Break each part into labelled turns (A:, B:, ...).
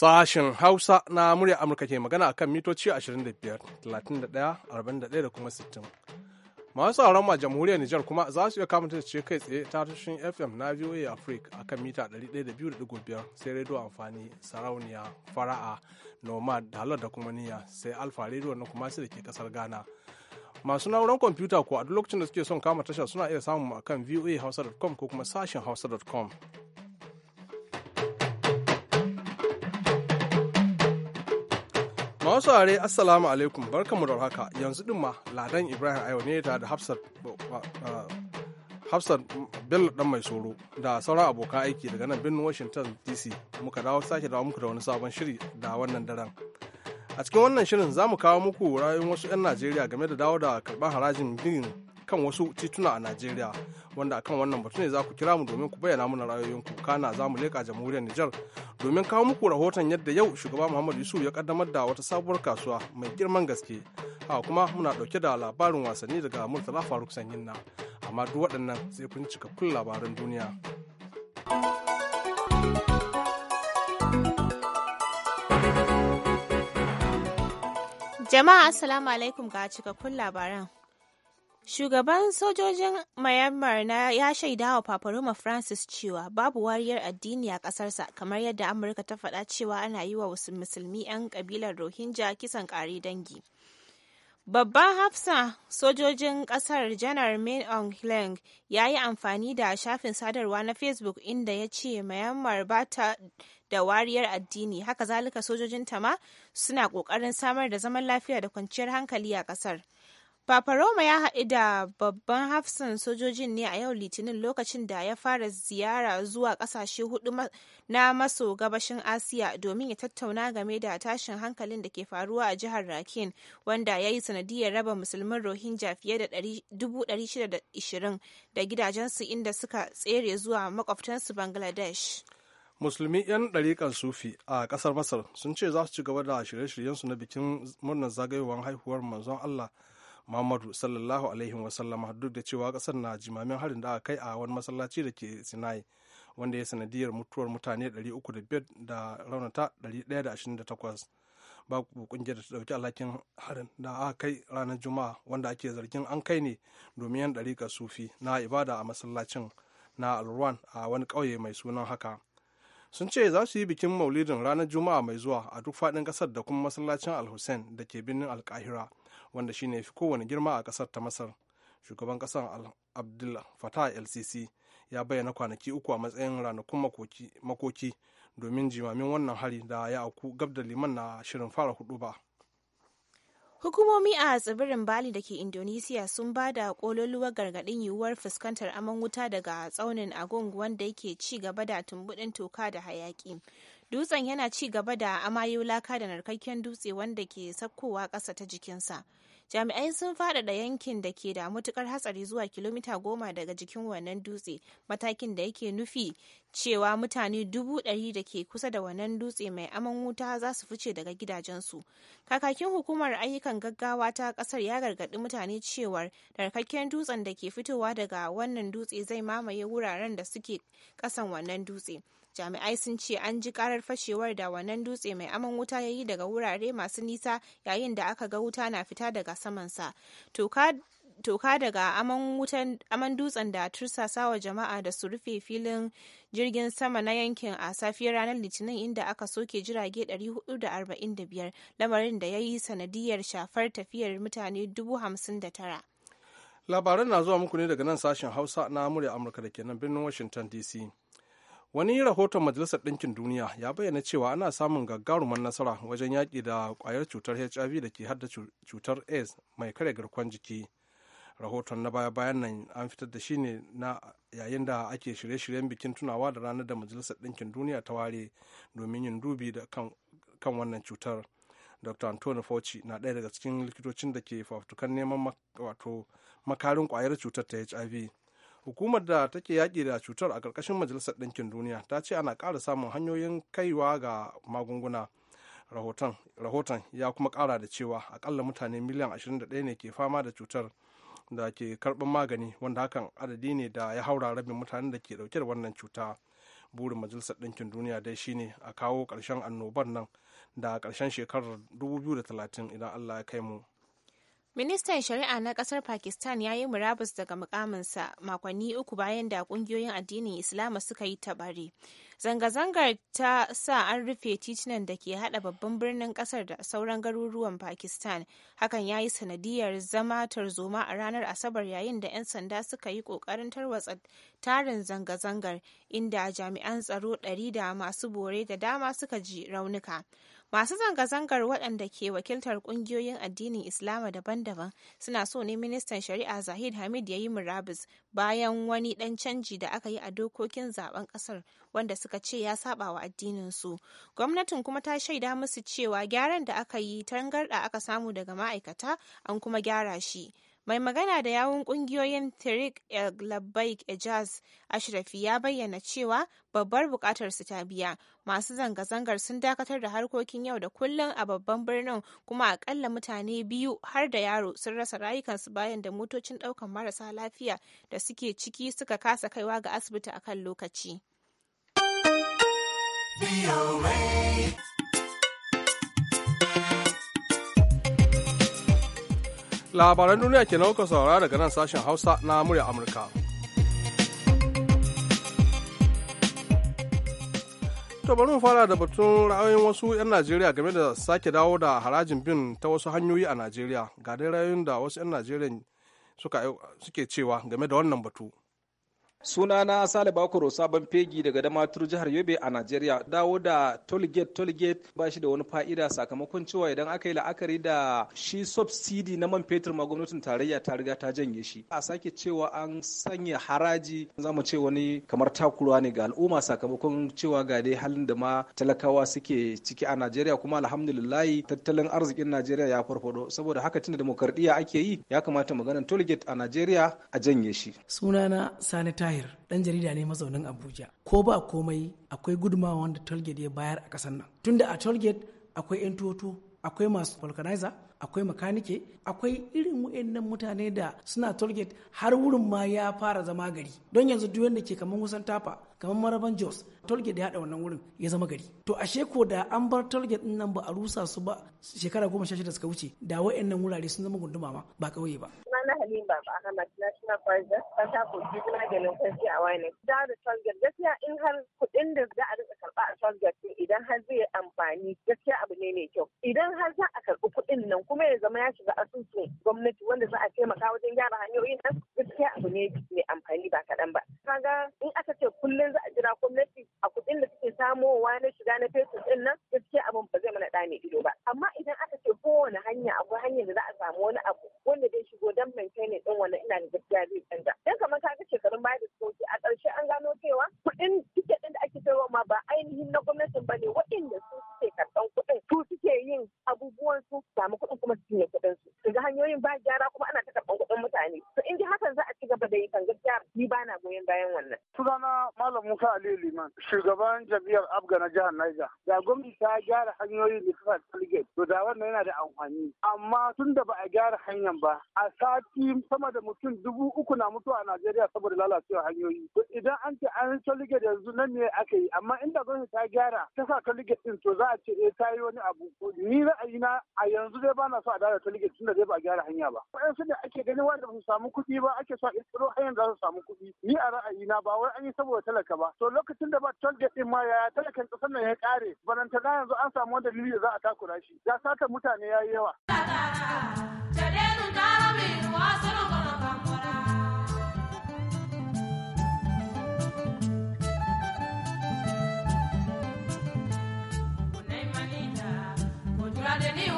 A: Sashen Hausa na murya Amurka ke magana a kan mitoci 25, 31, 41 da kuma 60. Masu sauran ma jamhuriyar Nijar kuma za su iya kamata ce kai tsaye ta tashin FM na VOA Africa a kan mita 102.5 sai rediyo amfani sarauniya fara'a nomad da halar da kuma Niya, sai alfa rediyo na kuma su da ke kasar Ghana. Masu na'urar kwamfuta ko a duk lokacin da suke son kama tashar suna iya samun a kan voahausa.com ko kuma sashen hausa.com. Masu are assalamu alaikum barkamu da haka yanzu din ma ladan Ibrahim Ayo ne da Hafsat eh, Hafsat Bello dan mai soro da sauran abokan aiki daga nan birnin Washington DC muka dawo sake dawo muku da wani sabon shiri da wannan daren. A cikin wannan shirin za mu kawo muku rayuwar wasu 'yan Najeriya game da dawo da karban harajin birnin. kan wasu tituna a Najeriya wanda akan wannan batu ne za ku kira mu domin ku bayyana mana ra'ayoyinku kana za mu leƙa jamhuriyar Nijar domin kawo muku rahoton yadda yau shugaba Muhammadu Yusuf ya kaddamar da wata sabuwar kasuwa mai girman gaske a kuma muna ɗauke da labarin wasanni daga Murtala Faruk Sanyin na amma duk waɗannan sai kun cikakkun labaran duniya.
B: Jama'a Assalamu alaikum ga cikakkun labaran. Shugaban sojojin Myanmar na ya shaida wa Paparoma Francis cewa babu wariyar addini a kasarsa kamar yadda Amurka ta faɗa cewa ana yi wa musulmi 'yan ƙabilar Rohingya kisan ƙari dangi. Babban hafsa sojojin ƙasar Janar Min Aung Hlaing ya yi amfani da shafin sadarwa na Facebook inda ya ce Myanmar ba ta da wariyar addini, haka zalika sojojinta ma suna ƙoƙarin samar da zaman lafiya da kwanciyar hankali a ƙasar. Papa Roma ya haɗu da babban hafsan sojojin ne a yau Litinin lokacin da ya fara ziyara zuwa ƙasashe hudu na maso gabashin Asiya domin ya tattauna game da tashin hankalin da ke faruwa a jihar rakin wanda ya yi sanadiyar raba musulmin Rohingya fiye da 620 da gidajensu inda suka tsere zuwa makwabtansu Bangladesh.
A: musulmi 'yan ɗariƙar sufi a ƙasar masar sun ce za su ci gaba da shirye-shiryensu na bikin murnar zagayowar haihuwar manzon allah muhammadu sallallahu alaihi wasallama duk da cewa kasar na jimamin harin da aka kai a wani masallaci da ke sinai wanda ya sanadiyar mutuwar mutane 305 da raunata 128 babu kungiyar da ta dauki alhakin harin da aka kai ranar juma'a wanda ake zargin an kai ne domin yan ɗarika sufi na ibada a masallacin na alruwan a wani ƙauye mai sunan haka sun ce za su yi bikin maulidin ranar juma'a mai zuwa a duk faɗin ƙasar da kuma masallacin alhussein da ke birnin alkahira wanda shine fi kowane girma a kasar ta masar shugaban kasar abdul fatah lcc ya bayyana kwanaki uku a matsayin ranakun makoki domin jimamin wannan hari da ya auku gab da liman na shirin fara hudu ba
B: Hukumomi a tsibirin Bali da ke Indonesiya sun ba da kololuwar gargadin yiwuwar fuskantar aman wuta daga tsaunin Agung wanda yake ci gaba da tumbuɗin toka da hayaƙi. Dutsen yana ci gaba da amayo laka da narkakken dutse wanda ke sakkowa ƙasa ta jikinsa. Jami'ai sun faɗaɗa yankin da ke da matukar hatsari zuwa kilomita goma daga jikin wannan dutse, matakin da yake nufi cewa mutane dubu ɗari da ke kusa da wannan dutse mai aman wuta za su fice daga gidajensu kakakin hukumar ayyukan gaggawa ta ƙasar ya gargaɗi mutane cewar darkakken dutsen da ke fitowa daga wannan dutse zai mamaye wuraren da suke ƙasan wannan dutse jami'ai sun ce an ji karar fashewar da wannan dutse mai aman wuta ya yi daga wurare masu nisa yayin da aka ga wuta na fita daga samansa toka toka daga aman dutsen da tursasa wa jama'a da su rufe filin jirgin sama na yankin a safiyar ranar litinin inda aka soke jirage 445 lamarin da ya yi sanadiyar shafar tafiyar mutane 59
A: labaran na zuwa muku ne daga nan sashen hausa na murya amurka da kenan birnin washington dc wani rahoton majalisar ɗinkin duniya ya bayyana cewa ana samun gagarumar nasara wajen yaƙi da ƙwayar cutar hiv da ke haddace cutar aids mai kare garkuwar jiki rahoton na baya bayan nan an fitar da shi ne na yayin da ake shirye-shiryen bikin tunawa da ranar da majalisar ɗinkin duniya ta ware domin yin dubi da kan wannan cutar dr antonio fauci na ɗaya daga cikin likitocin da ke fafutukan neman wato makarin kwayar cutar ta hiv hukumar da take yaƙi da cutar a ƙarƙashin majalisar ɗinkin duniya ta ce ana ƙara samun hanyoyin kaiwa ga magunguna rahoton ya kuma ƙara da cewa aƙalla mutane miliyan 21 ne ke fama da cutar da ke karɓar magani wanda hakan adadi ne da ya haura rabin mutanen da ke ɗauke da wannan cuta burin majalisar ɗinkin duniya dai shine a kawo karshen annobar nan da karshen shekarar 2030 idan allah ya kai mu
B: Ministan Shari'a na ƙasar Pakistan ya yi murabus daga mukaminsa makonni uku bayan da ƙungiyoyin addinin Islama suka yi tabari. Zanga-zangar ta sa an rufe titunan da ke hada babban birnin kasar da sauran garuruwan Pakistan. Hakan ya yi sanadiyar zama tarzoma a ranar Asabar yayin da 'yan sanda suka yi kokarin tarwatsa tarin zanga-zangar inda jami'an tsaro ɗari da masu bore da dama suka ji raunuka. Masu zanga-zangar waɗanda ke wakiltar ƙungiyoyin addinin Islama daban-daban suna so ne ministan shari'a Zahid Hamid ya yi murabus bayan wani ɗan canji da aka yi a dokokin zaben ƙasar wanda suka ce ya saba wa addininsu. Gwamnatin kuma ta shaida musu cewa gyaran da aka yi tangarɗa aka samu daga ma'aikata an kuma gyara shi. Mai magana da yawun kungiyoyin Tariq Labbaik Ejaz Ashrafi ya bayyana cewa babbar bukatar su ta biya. Masu zanga-zangar sun dakatar da harkokin yau da kullum a babban birnin kuma akalla mutane biyu har da yaro sun rasa rayukansu bayan da motocin daukan marasa lafiya da suke ciki suka kasa kaiwa ga asibiti akan lokaci.
A: labaran duniya ke nauka saurara daga nan sashen hausa na murya amurka to bari mu fara da batun ra'ayoyin wasu 'yan najeriya game da sake dawo da harajin bin ta wasu hanyoyi a najeriya ga dai ra'ayoyin da wasu 'yan najeriya suke cewa game da wannan batu sunana sale bakoro sabon fegi daga damatur jihar yobe a najeriya dawo da tollgate tollgate ba shi da wani fa'ida sakamakon cewa idan aka yi la'akari da shi subsidi na man fetur ma gwamnatin tarayya ta riga ta janye shi a sake cewa an sanya haraji za mu ce wani
C: kamar takura ne ga al'umma sakamakon
A: cewa ga dai halin da ma talakawa suke ciki a najeriya kuma alhamdulillahi tattalin arzikin najeriya ya farfado saboda haka tunda demokradiyya ake yi ya kamata maganar tollgate a najeriya a
C: janye shi sunana sanita Tahir dan jarida ne mazaunin Abuja ko ba komai akwai gudumawa wanda Tolgate ya bayar a kasar nan tunda a Tolgate akwai 'yan toto akwai masu vulcanizer akwai makanike akwai irin wa'annan mutane da suna tolgate har wurin ma ya fara zama gari don yanzu duk wanda ke kamar kusan tafa kamar maraban jos tolgate ya haɗa wannan wurin ya zama gari to a ko da an bar tolgate din nan ba a rusa su ba shekara goma sha shida suka wuce da wa'annan wurare sun zama gunduma ma ba kauye ba
D: Sunana Halima Ahmad National President Fanta Kogi maganin kanshi a wani. Da da Solgate gaskiya in har kuɗin da za a rika karɓa a Solgate idan har zai amfani gaskiya abu ne mai kyau. Idan har za a karɓi kuɗin nan kuma ya zama ya shiga asusun gwamnati wanda za a taimaka wajen gyara hanyoyin nan gaskiya abu ne mai amfani ba kaɗan ba. Kaga in aka ce kullum za a jira gwamnati a kuɗin da suke samowa na shiga na fetur ɗin nan gaskiya abun ba zai mana ɗa mai ido ba. Amma idan aka ce kowane hanya akwai hanyar da za a samu wani abu wajen maintaining din wannan ina da gaskiya zai canza dan kamar ka ga shekarun baya da suke a ƙarshe an gano cewa kuɗin tiket din da ake sayarwa ma ba ainihin na gwamnatin ba ne waɗanda su suke karɓan kuɗin su suke yin abubuwan su samu kuɗin kuma su cinye kuɗin su ga hanyoyin ba gyara kuma ana ta karɓan kuɗin mutane to in ji hakan za a saboda yakan gaskiya ni ba na goyon bayan wannan. Sunana Malam Musa Ali Liman, shugaban jam'i'ar Abga na jihar Niger. Da gwamnati ta gyara hanyoyin da suka tsalge, to da wannan yana da amfani. Amma tun da ba a gyara hanyar ba, a sati sama da mutum dubu uku na mutuwa a Najeriya saboda lalacewar hanyoyi. idan an ce an tsalge da yanzu nan ne aka yi, amma inda gwamnati ta gyara ta sa tsalge din to za a ce eh ta yi wani abu. Ni ra'ayina a yanzu zai ba na so a da tsalge tun da zai ba a gyara hanya ba. Waɗansu ne ake ganin wanda ba su samu kuɗi ba ake so a tsaro hanyar za su samu kuɗi ni a ra'ayi na ba wai an yi saboda talaka ba to lokacin da ba target ɗin ma yaya talakan ƙasar nan ya ƙare na yanzu an samu wanda da za a takura shi ya saka mutane ya
C: yi yawa.
B: de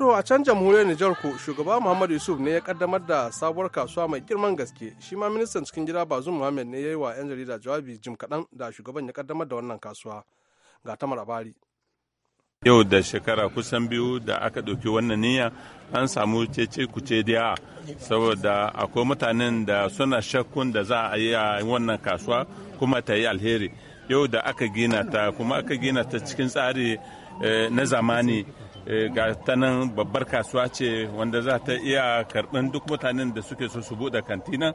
A: To a can jamhuriyar Nijar ko shugaba Muhammadu Yusuf ne ya kaddamar da sabuwar kasuwa mai girman gaske shi ma ministan cikin gida Bazum Muhammad ne ya yi wa 'yan jarida jawabi jim kaɗan da shugaban ya kaddamar da wannan kasuwa ga ta marabari.
E: Yau da shekara kusan biyu da aka ɗauki wannan niyya an samu cece kuce daya saboda akwai mutanen da suna shakkun da za a yi a wannan kasuwa kuma ta yi alheri. Yau da aka gina ta kuma aka gina ta cikin tsari eh, na zamani Eh, ga ta nan babbar kasuwa ce wanda za ta iya karɓan duk mutanen da suke so su buɗe kantina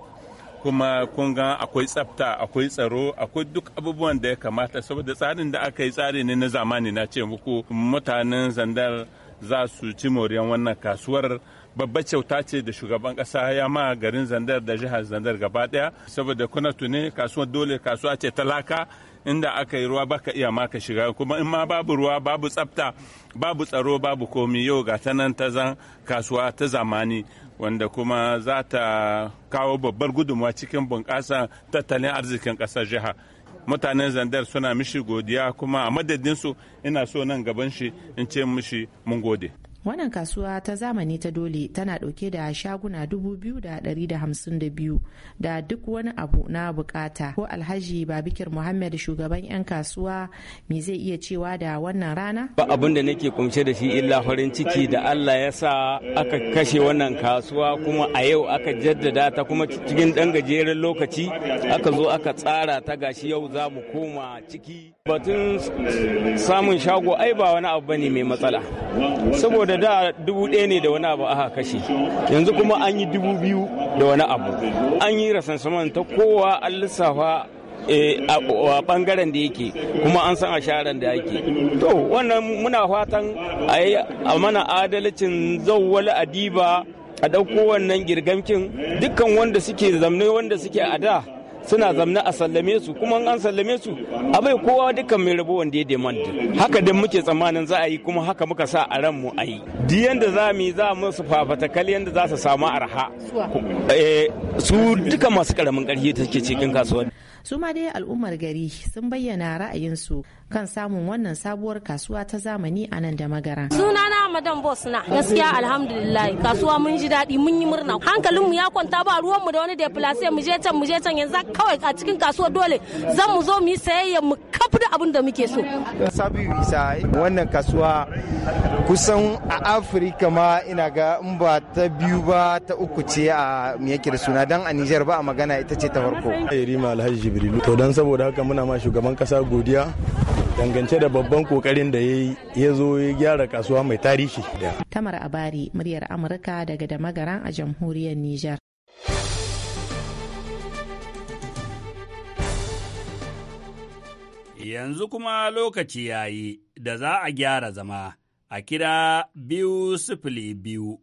E: kuma kun akwai tsafta akwai tsaro akwai duk abubuwan da ya kamata saboda tsarin da aka yi tsari ne na zamani na ce muku mutanen zandar za su ci moriyan wannan kasuwar babbar kyauta ce da shugaban kasa ya ma garin zandar da jihar zandar gaba daya saboda kuna tuni kasuwar dole kasuwa ce talaka inda aka yi ruwa baka iya ma ka shiga kuma in ma babu ruwa babu tsafta babu tsaro babu komi yau ga ta nan ta zan kasuwa ta zamani wanda kuma za ta kawo babbar gudunmawa cikin bunƙasa tattalin arzikin ƙasar jiha mutanen zandar suna mishi godiya kuma a madadinsu ina so nan gaban shi in ce mishi mun gode
B: wannan kasuwa ta
F: zamani ta dole tana dauke da shaguna dubu da hamsin da da duk wani abu na bukata ko alhaji babikir muhammad shugaban yan kasuwa me zai iya cewa da wannan rana
C: ba abin da nake kumshe da shi illa farin ciki da allah ya sa aka kashe wannan kasuwa kuma a yau aka jaddada ta kuma cikin dan gajeren lokaci aka zo aka tsara ta gashi yau za mu koma ciki Batun samun shago ai ba wani abu bane mai matsala. Saboda da dubu ɗaya ne da wani abu aka kashe. Yanzu kuma an yi dubu biyu da wani abu. An yi rasansaman ta kowa an lissafa eh, a bangaren da yake kuma an san a sharan da yake to wannan muna fatan a yi a mana adalcin zawwal adiba a ɗauko wannan girgamkin dukkan wanda suke zamne wanda suke a da suna zamna a sallame su kuma an sallame su a bai kowa dukkan mai rabo wanda ya demand haka dan muke tsammanin za a yi kuma haka muka sa a ran mu a yi di yanda za mu yi za mu su fafatakali yanda za su samu arha eh, su duka masu karamin karfi take cikin kasuwanni.
F: su ma dai al'ummar gari sun bayyana ra'ayinsu kan samun wannan sabuwar kasuwa ta zamani a nan da magara sunana madan bos na gaskiya alhamdulillah kasuwa mun ji daɗi mun yi murna hankalinmu ya kwanta ba ruwanmu da wani de mu je can mu je can yanzu kawai a cikin kasuwa dole zan mu zo mu yi sayayya mu kawai duk abin da muke so.
C: sabi Isa wannan kasuwa kusan a Afirka ma ina ga in ba ta biyu ba ta uku ce a miyake da suna don a Nijar ba a magana ita ce ta farko. Rima
G: Alhaji Jibrilu to don saboda haka muna ma shugaban kasa godiya
C: dangance da babban kokarin da ya zo ya gyara kasuwa mai tarihi.
F: Tamar Abari muryar Amurka daga da magaran a jamhuriyar Nijar.
C: Yanzu kuma lokaci ya yi da za a gyara zama a kira biyu sifili biyu,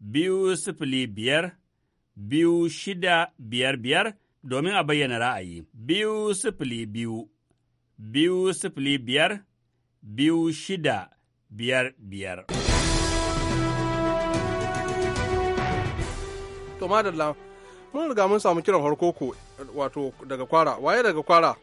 C: biyu sifili biyar, biyu shida biyar biyar domin a bayyana ra'ayi. Biyu sifili biyu, biyu sifili biyar, biyu shida biyar biyar.
A: Tomadala, mun riga mun samu kiran harkoko wato daga kwara, waye daga kwara?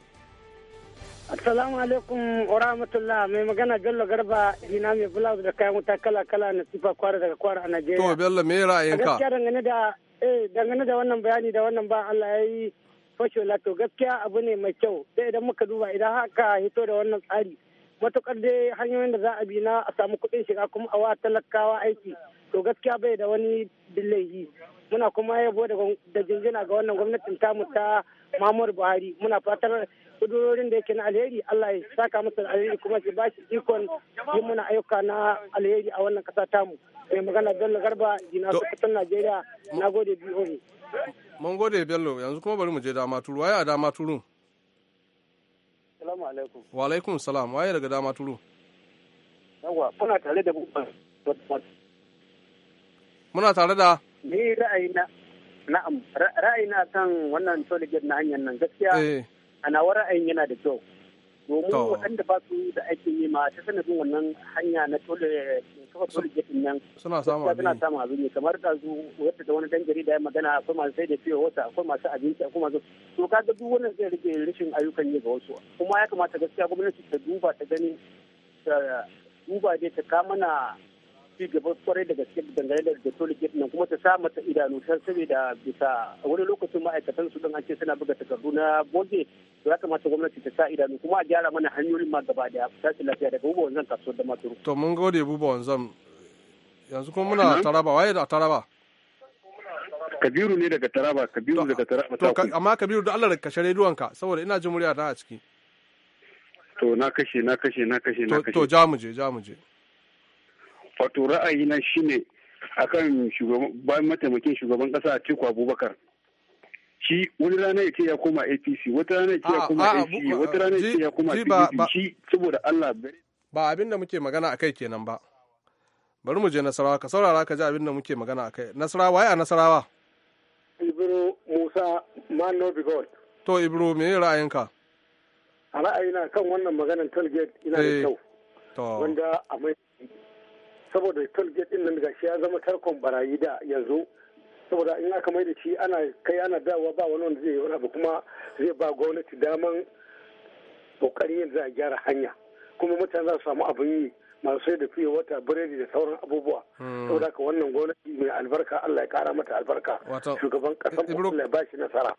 D: Assalamu alaikum wa rahmatullah mai magana Bello Garba ina mai blouse da kayan wuta kala kala na sifa kwara daga kwara a Najeriya. To Bello me ra'ayinka? Gaskiya dangane da eh dangane da wannan bayani da wannan ba Allah ya yi fashola to gaskiya abu ne mai kyau sai idan muka duba idan haka hito da wannan tsari matukar dai hanyoyin da za a bi na a samu kuɗin shiga kuma a wa talakawa aiki to gaskiya bai da wani dillahi muna kuma yabo da jinjina ga wannan gwamnatin tamu ta Muhammadu Buhari muna fatar kudurorin da yake na alheri Allah ya saka masa alheri kuma shi ba shi ikon yi muna ayyuka na alheri a wannan kasa tamu mai magana Bello Garba jina kusan Najeriya nagode BOA
A: mun gode Bello yanzu kuma bari mu je dama turu waye a dama turu
D: salamu alaikum
A: wa alaikum salam waye daga dama turu
D: yawa kuna tare da
A: muna tare da
D: ni ra'ayi na na'am ra'ayi na kan wannan toll na hanyar nan gaskiya eh. a nawa ra'ayin yana da kyau domin waɗanda ba su da ake yi ma ta sanadin wannan hanya na tole kafa tole getin nan
A: suna samun abin suna samun
D: abin kamar da zu wata da wani dan jarida ya magana akwai masu sai da fiye wata akwai masu abinci akwai masu to ka ga duk wannan zai rage rashin ayyukan yi ga wasu kuma ya kamata gaskiya gwamnati ta duba ta gani ta duba dai ta kamana ci gaba kwarai da gaske dangane da dole gate nan kuma ta sa mata idanu san saboda bisa wani lokacin ma'aikatan su din an ce suna buga takardu na boge to ya kamata gwamnati ta sa idanu kuma a gyara mana hanyoyin ma gaba da ta ci lafiya daga buba wanzan kasuwar da maturu.
A: to mun gode buba wanzan yanzu kuma muna taraba waye da taraba. kabiru ne daga taraba kabiru daga taraba to amma kabiru da Allah da kashe rediyon saboda ina jin murya ta a ciki to na kashe na kashe na kashe na kashe to ja mu je ja mu je wato shi shine
G: akan bayan mataimakin shugaban kasa Atiku Abubakar shi wani rana ya ya koma APC wata rana ya ya ah, koma APC ah, wata rana ya ya koma apc shi saboda Allah
A: ba abin da muke magana akai kenan ba bari mu je Nasarawa ka saurara ka ji abin da muke magana akai Nasarawa waye a Nasarawa
D: Ibro Musa Mano Bigol
A: to Ibro me ra'ayinka
D: ra'ayina kan wannan maganar toll ina da eh,
A: kyau wanda
D: a mai saboda tolgate din nan gashi ya zama tarkon barayi da yanzu saboda in aka mai da shi ana kai ana dawowa ba wani wanda zai yi wani abu kuma zai ba gwamnati daman kokarin yin za a gyara hanya kuma mutane za su samu abin yi masu sai da fiye wata biredi da sauran abubuwa hmm. saboda ka wannan gwamnati mai albarka Allah ya kara mata albarka shugaban kasan Allah ya ba shi nasara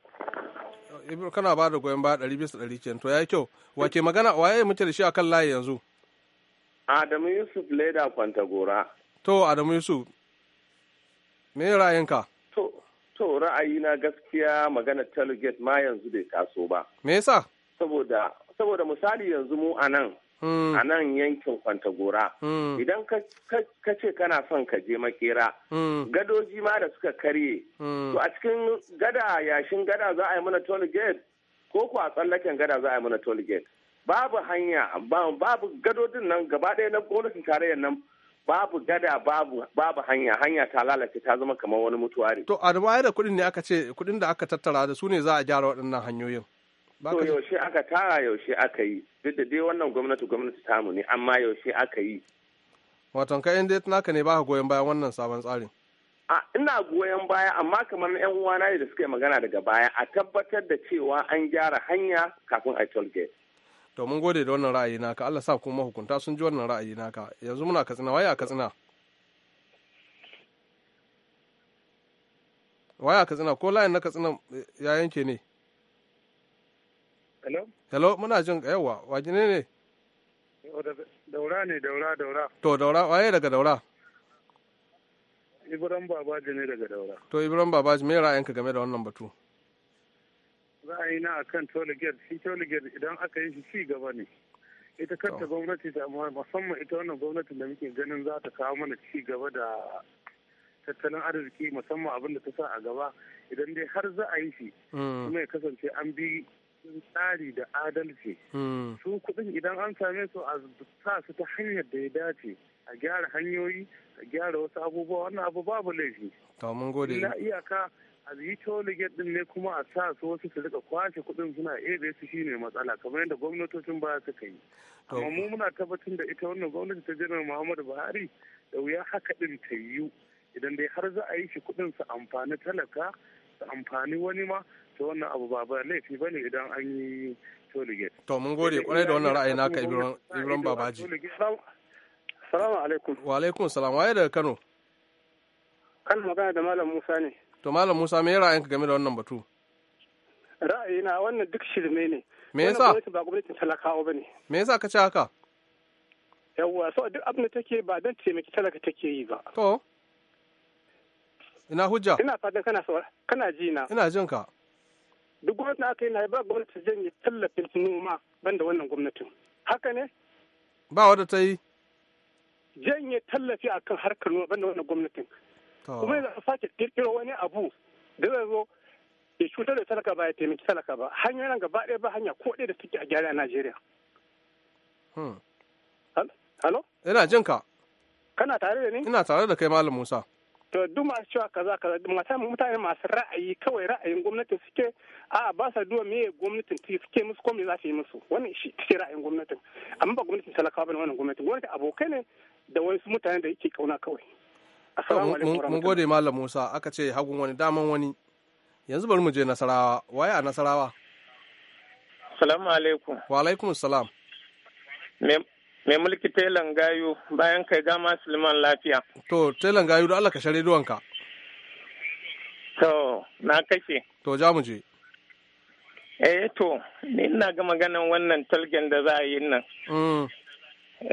A: Ibro kana ba da goyon ba ɗari bisa ɗari kenan to ya yi kyau wace magana waye muke da shi akan layi yanzu
G: Adamu Yusuf Leda Kwantagora.
A: To, Adamu Yusuf, me ra'ayinka?
G: To, to ra'ayina gaskiya magana Telgate ma yanzu bai taso ba. Me yasa? Saboda, saboda misali yanzu mu a nan,
A: hmm.
H: a
G: nan yankin Kwantagora. Hmm. Idan ka ce kana son ka je makera, hmm. gadoji ma da suka karye. To a cikin gada yashin gada za a yi mana Telgate ko ko a tsallaken gada za a yi mana Telgate. babu hanya babu gadodin nan gaba ɗaya na gwamnatin tarayyar nan babu gada babu babu hanya hanya ta lalace ta zama kamar wani mutuwari to
A: a da kuɗin ne aka ce kuɗin da aka tattara da su ne za a gyara waɗannan hanyoyin
G: to yaushe aka tara yaushe aka yi duk da dai wannan gwamnati gwamnati tamu ne amma yaushe aka yi
A: waton kai inda naka ne baka goyon bayan wannan sabon tsarin
G: a ina goyon baya amma kamar yan uwana da suka yi magana daga baya a tabbatar da cewa an gyara hanya kafin a toll
A: to mun gode da wannan ra'ayi naka Allah sa kuma hukunta sun ji wannan ra'ayi naka yanzu muna katsina waye a katsina waye a katsina ko layin na katsina eh, ya yanke ne hello hello muna jin yawa waje ne ne
G: oh, daura ne daura daura
A: to daura waye daga daura
G: Ibrahim Babaji ne daga daura
A: to Ibrahim Babaji me ra'ayinka game da wannan batu
D: Za a yi na kan toligate shi toligate idan aka yi shi ci gaba ne ita kanta gwamnati da musamman ita wannan gwamnatin da muke ganin za ta kawo mana ci gaba da tattalin arziki musamman abin da ta sa a gaba idan dai har za a yi shi hmm. kuma ya kasance an bi tsari da adalci hmm. su kuɗin idan an same su a sa su ta hanyar da ya dace a gyara hanyoyi a gyara wasu abubuwa wannan abu babu laifi. to mun gode iyaka a yi toligate din ne kuma a sa su wasu su rika kwashe kudin suna ebe su shine matsala kamar yadda gwamnatocin ba su kai amma mu muna tabbatar da ita wannan gwamnati ta janar muhammadu buhari da wuya haka din ta yiwu idan dai har za a yi shi kudin su amfani talaka su amfani wani ma ta wannan abu ba ba laifi bane idan an yi toligate.
A: to mun gode kwarai da wannan ra'ayi naka ibrahim babaji. salamu alaikum. wa alaikum salam waye daga kano.
H: kan magana da malam musa ne.
A: To Malam Musa me ra'ayinka game da wannan batu?
H: Ra'ayina wannan duk shirme ne. Me yasa? Wannan ba gwamnatin talakawa bane.
A: Me yasa ka ce haka?
H: Yawwa, so duk abin da take ba dan taimaki talaka take yi ba.
A: To. Ina hujja? Ina
H: fatan kana so Kana ji na. Ina jin ka. Duk gwamnatin aka yi na ba gwamnati janye tallafin noma banda wannan gwamnatin. Haka ne?
A: Ba wadda ta yi.
H: Janye tallafi akan harkar noma banda wannan gwamnatin. kuma yanzu an sake kirkiro wani abu da zai zo ya cutar da talaka ba ya taimaki talaka ba hanyoyin gaba ɗaya ba hanya ko ɗaya da suke a gyara a najeriya
A: hmm. halo ina jin ka kana tare da ni ina tare da kai malam musa
H: to duk masu cewa kaza kaza mutane masu ra'ayi kawai ra'ayin gwamnatin suke a ba sa duwa meye gwamnatin suke musu komai za su yi musu wannan shi suke ra'ayin gwamnatin amma ba gwamnatin talakawa ne wannan gwamnatin gwamnatin abokai ne da wasu mutane da yake kauna kawai
A: Mun gode Malam Musa aka ce hagun wani daman wani. Yanzu bari mu je Nasarawa. Waye a Nasarawa? Salamu alaikum. Wa alaikum salam.
G: Mai mulki telan gayu bayan kai gama Suleiman lafiya. To, telan gayu da Allah ka share duwanka. To, na kashe. To, ja mu je. Eh, to, ni ina ga maganan wannan talgen da za a yi nan. Mm.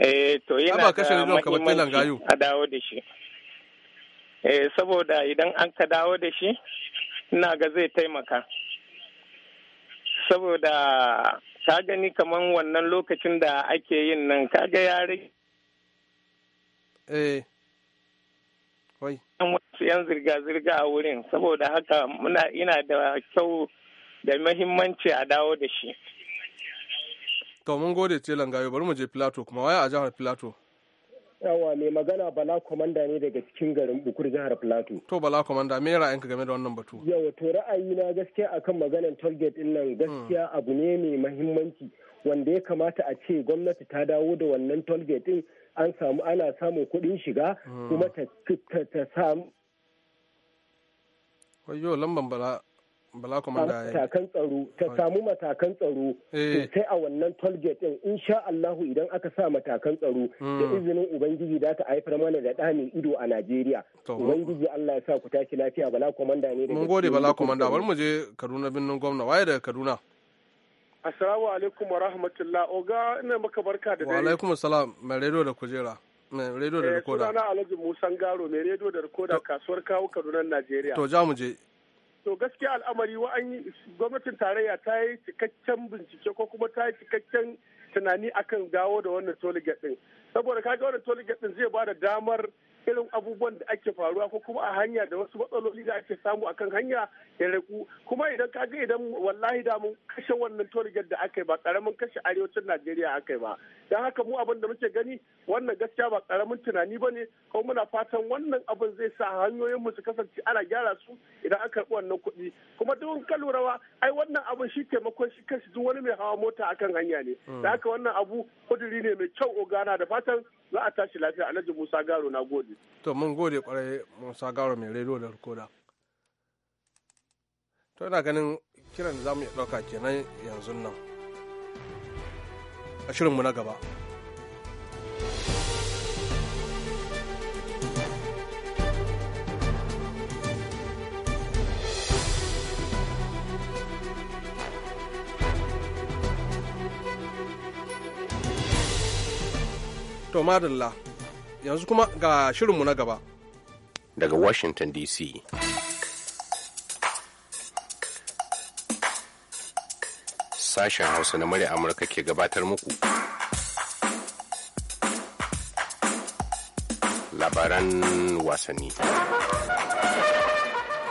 G: Eh, to, yana da mahimmanci a dawo da shi. eh saboda idan an ka dawo da shi ina ga zai taimaka saboda ka gani kamar wannan lokacin da ake yin nan kaga ga yare. eh wasu yan zirga-zirga a wurin saboda haka muna ina da kyau da mahimmanci a dawo da shi
A: mun gode telan gayo bari mu je filato kuma waya a jihar filato
G: yawa mai magana bala komanda ne daga cikin garin bukur
A: jihar plateau to bala komanda me ra'ayinka game da wannan batu
D: yawa to ra'ayi na gaskiya akan maganar target din nan gaskiya hmm. abu ne mai mahimmanci wanda ya kamata a ce gwamnati ta dawo da wannan target din an samu ana samun kuɗin shiga hmm. kuma ta samu
A: wayo lamban bala matakan
D: tsaro ta samu matakan tsaro eh. sai a wannan tolgate din sha Allahu idan aka sa matakan tsaro da hmm. izinin ubangiji da ta haifar mana da dani ido a Najeriya
A: ubangiji
G: Allah ya sa ku tashi lafiya bala komanda ne mun gode bala komanda bari mu
A: je Kaduna binnin gwamna waye daga Kaduna
G: Assalamu alaikum wa rahmatullah oga ina maka barka da dare Wa alaikum
A: assalam mai rediyo da kujera mai rediyo da eh, rikoda Sunana
G: Alhaji Musa Garo mai rediyo da rikoda kasuwar kawo Kaduna Najeriya To ja mu je to gaskiya al'amari wa'anyi gwamnatin tarayya ta yi cikakken bincike ko kuma ta yi cikakken tunani akan dawo da wannan toligate din saboda kaga wannan toligate din zai ba da damar irin abubuwan da ake faruwa ko kuma a hanya da wasu matsaloli da ake samu a kan hanya ya raku kuma idan kaga idan wallahi da mun kashe wannan toligar da aka yi ba karamin kashe arewacin Najeriya aka yi ba don haka mu abin da muke gani wannan gaskiya ba karamin tunani ba ne kuma muna fatan wannan abin zai sa hanyoyin mu su kasance ana gyara su idan aka karɓi wannan kuɗi kuma duk ka lura ai wannan abin shi taimakon shi kashi duk wani mai hawa mota akan hanya ne mm. da haka wannan abu kuduri ne mai kyau ogana da fatan za a tashi lafiya alhaji musa garo na gode
A: to mun gode kwarai musa garo mai rediyo da rikoda to ina ganin kiran da za mu iya ɗauka kenan yanzu nan a shirinmu na gaba. To madalla, yanzu kuma ga shirinmu na gaba.
H: Daga Washington DC. Sashen Hausa na murya Amurka ke gabatar muku. Labaran wasanni.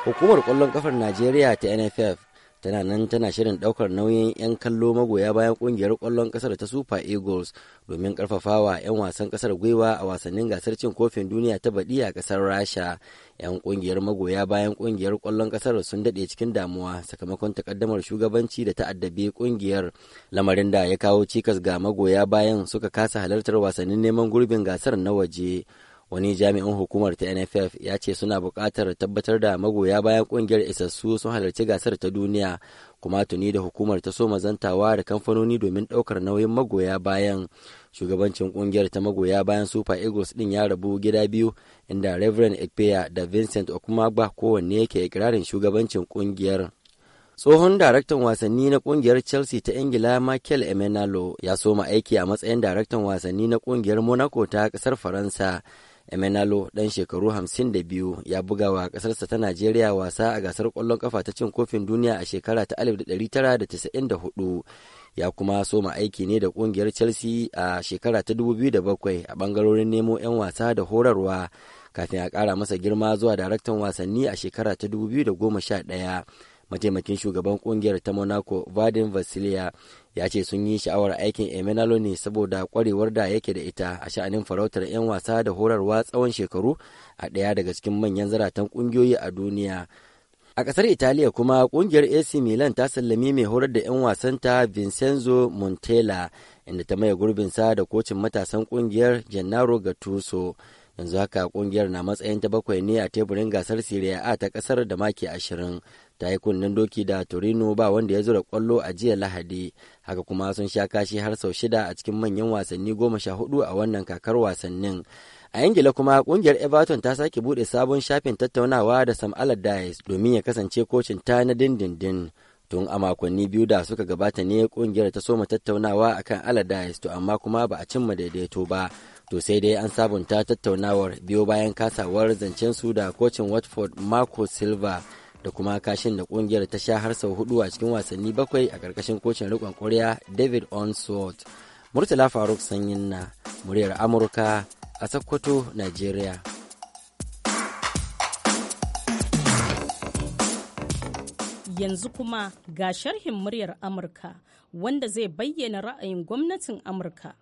I: Hukumar ƙwallon ƙafar Najeriya ta NFF tana nan tana shirin daukar nauyin 'yan kallo magoya bayan kungiyar kwallon kasar ta super eagles domin karfafawa 'yan wasan kasar gwiwa a wasannin gasar cin kofin duniya ta baɗi a kasar rasha 'yan kungiyar magoya bayan kungiyar kwallon kasar sun daɗe cikin damuwa sakamakon takaddamar shugabanci da ta'addabi kungiyar lamarin da ya kawo cikas ga magoya bayan suka kasa halartar wasannin neman gurbin gasar na waje wani jami'in hukumar ta nff ya ce suna buƙatar tabbatar da magoya bayan ƙungiyar isassu sun halarci gasar ta duniya kuma tuni da hukumar ta so mazantawa da kamfanoni domin ɗaukar nauyin magoya bayan shugabancin ƙungiyar ta magoya bayan super eagles din ya rabu gida biyu inda reverend ekpeya da vincent okumagba kowanne yake ikirarin shugabancin kungiyar. tsohon daraktan wasanni na kungiyar chelsea ta ingila michael emenalo ya soma aiki a matsayin daraktan wasanni na kungiyar monaco ta kasar faransa Emenalo dan shekaru hamsin da biyu ya buga wa ƙasarsa ta Najeriya wasa a gasar kwallon ƙafa ta cin kofin duniya a shekara ta 1994 ya kuma soma aiki ne da ƙungiyar Chelsea a shekara ta 2007 a bangarorin nemo 'yan wasa da horarwa kafin a ƙara masa girma zuwa daraktan wasanni a shekara ta 2011 mataimakin shugaban kungiyar ta Monaco vadin Vasilia ya ce sun yi sha'awar aikin emenalo ne saboda kwarewar da yake da ita a sha'anin farautar 'yan wasa da horarwa tsawon shekaru a ɗaya daga cikin manyan zaratan ƙungiyoyi a duniya a ƙasar italiya kuma ƙungiyar ac milan ta sallami mai horar da 'yan wasanta vincenzo montella inda ta maye gurbinsa da kocin matasan ƙungiyar gennaro gattuso yanzu haka ƙungiyar na matsayin ta bakwai ne a teburin gasar serie a ta ƙasar da maki ashirin ta yi kunnen doki da torino ba wanda ya zura kwallo a jiya lahadi haka kuma sun sha kashi har sau shida a cikin manyan wasanni goma sha hudu a wannan kakar wasannin a ingila kuma kungiyar everton ta sake bude sabon shafin tattaunawa da sam allardyce domin ya kasance kocin ta na dindindin tun a makonni biyu da suka gabata ne kungiyar ta soma tattaunawa akan allardyce to amma kuma ba a cimma daidaito ba to sai dai an sabunta tattaunawar biyo bayan kasawar zancen su da kocin watford marco silva da kuma kashin da kungiyar ta sha har sau hudu a cikin wasanni bakwai a ƙarƙashin kocin riƙon koriya david Onsworth, murtala faruk sanyin na muryar amurka a sokoto nigeria
F: yanzu kuma ga sharhin muryar amurka wanda zai bayyana ra'ayin gwamnatin amurka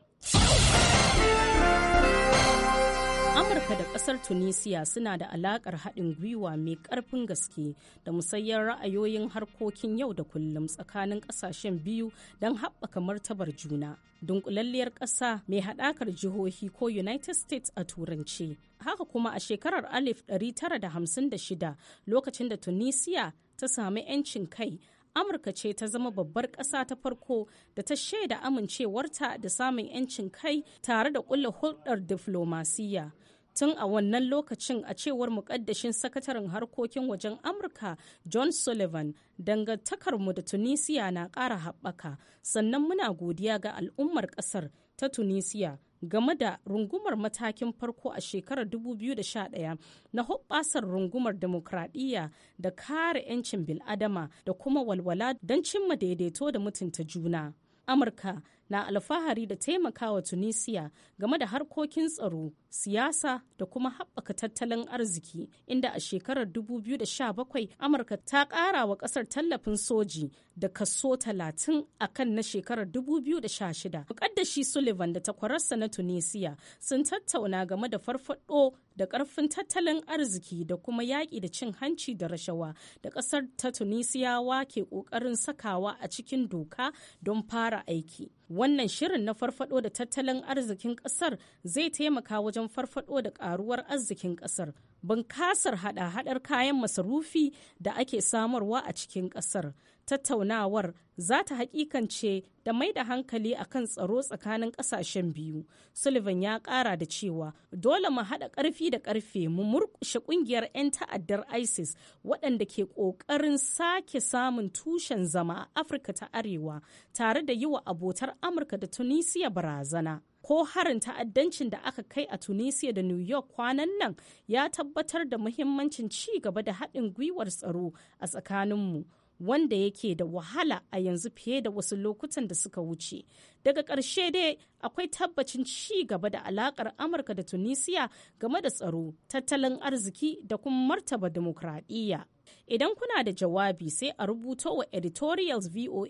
F: amurka da kasar tunisia suna da alakar haɗin gwiwa mai ƙarfin gaske da musayyar ra'ayoyin harkokin yau da kullum tsakanin ƙasashen biyu don haɓaka martabar juna dunkulalliyar ƙasa mai haɗakar jihohi ko united states a turance haka kuma a shekarar 1956 lokacin da tunisia ta sami 'yancin kai amurka ce ta zama babbar ƙasa ta farko da ta shaida amincewarta da samun 'yancin kai tare da ƙulla hulɗar diflomasiyya tun a wannan lokacin a cewar mukaddashin sakataren harkokin wajen amurka john sullivan dangantakarmu da tunisia na ƙara haɓaka sannan muna godiya ga al'ummar ƙasar ta tunisia game da rungumar matakin farko a shekarar 2011 na hoɓɓasar rungumar demokradiyya da kare 'yancin bil'adama da kuma walwala don cimma daidaito da mutunta juna. Amurka na alfahari da taimakawa tunisia game da harkokin tsaro siyasa da kuma haɓaka tattalin arziki inda a shekarar 2017 amurka ta ƙara wa ƙasar tallafin soji da kaso 30 akan kan na shekarar 2016 mukaddashi sullivan da takwararsa na tunisia sun tattauna game da farfaɗo da ƙarfin tattalin arziki da kuma yaƙi da cin hanci da rashawa da ƙasar ta tunisiyawa ke ƙoƙarin sakawa a cikin doka don fara aiki Wannan shirin na farfado da tattalin arzikin ƙasar zai taimaka wajen farfado da ƙaruwar arzikin ƙasar, bunkasar hada-hadar kayan masarufi da ake samarwa a cikin ƙasar, tattaunawar za ta hakikance da mai da hankali a kan tsaro tsakanin kasashen biyu sullivan ya kara da cewa dole mu haɗa ƙarfi da ƙarfe mu murƙushe ƙungiyar 'yan ta'addar isis waɗanda ke ƙoƙarin sake samun tushen zama a afirka ta arewa tare da yi wa abotar amurka da tunisia barazana ko harin ta'addancin da aka kai a Tunisia da New York kwanan nan ya tabbatar da muhimmancin ci gaba da haɗin gwiwar tsaro a tsakaninmu. wanda yake da wahala a yanzu fiye da wasu lokutan da suka wuce daga ƙarshe dai akwai tabbacin ci gaba da alaƙar amurka da tunisia game da tsaro tattalin arziki da kuma martaba demokradiyya idan kuna da jawabi sai a rubuto wa editorials voa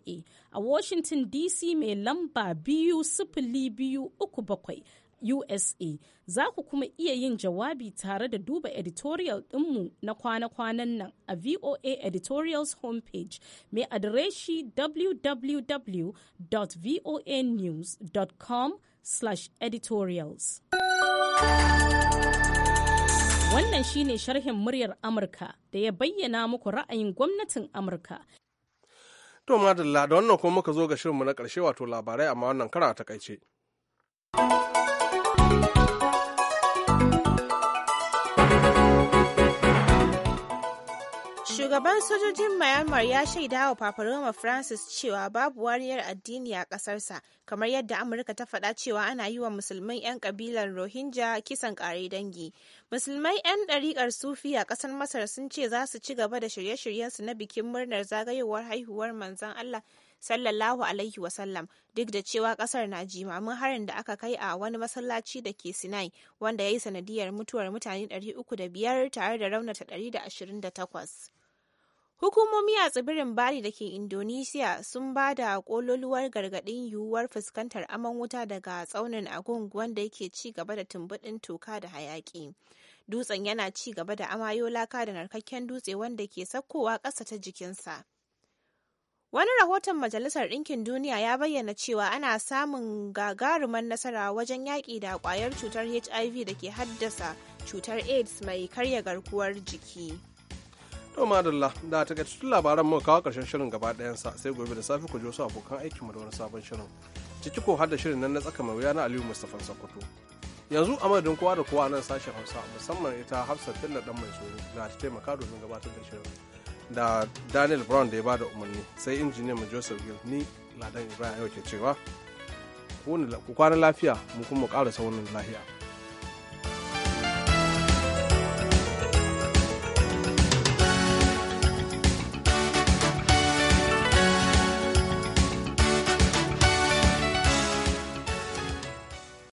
F: a washington dc mai lamba biyu sifili biyu uku bakwai USA. Za ku kuma iya yin jawabi tare da duba editorial ɗinmu na kwana-kwanan nan a VOA Editorials homepage mai adireshi www.voanews.com/editorials. Wannan shine sharhin muryar Amurka da ya bayyana muku ra'ayin gwamnatin Amurka.
A: To madalla da wannan kuma muka zo ga shirinmu na ƙarshe wato labarai amma wannan kara a takaice.
B: Shugaban sojojin Myanmar ya shaida wa Paparoma Francis cewa babu wariyar addini a ƙasarsa, kamar yadda Amurka ta faɗa cewa ana yi wa musulmai 'yan kabilar Rohingya kisan ƙare dangi. Musulmai 'yan ɗariƙar Sufi a ƙasar Masar sun ce za su ci gaba da shirye-shiryensu na bikin murnar zagayowar haihuwar manzon Allah sallallahu alaihi wasallam duk da cewa kasar na jimamin harin da aka kai a wani masallaci da ke sinai wanda ya yi sanadiyar mutuwar mutane 305 tare da raunata 128 Hukumomi a tsibirin Bali da ke Indonesia sun ba da kololuwar gargaɗin yiwuwar fuskantar aman wuta daga tsaunin Agung wanda yake ci gaba da tumbuɗin toka da hayaƙi. Dutsen yana ci gaba da amayo laka da narkakken dutse wanda ke sakkowa ƙasa ta jikinsa. Wani rahoton Majalisar Ɗinkin Duniya ya bayyana cewa ana samun gagarumar nasara wajen yaƙi da kwayar cutar HIV da ke haddasa cutar AIDS mai karya garkuwar jiki.
A: To madalla da ta gaci labaran mu kawo karshen shirin gaba ɗayansa sai gobe da safe ku je su abokan mu da wani sabon shirin. Ciki ko har da shirin nan na tsaka mai wuya na Aliyu Mustafa Sokoto. Yanzu a madadin kowa da kowa nan sashen Hausa musamman ita Hafsat Tilla dan mai tsoro da ta taimaka domin gabatar da shirin. Da Daniel Brown da ya bada umarni sai injiniyan mu Joseph Gil ni Ladan Ibrahim yau ke cewa ku kwana lafiya mu kuma mu ƙara saunin lafiya.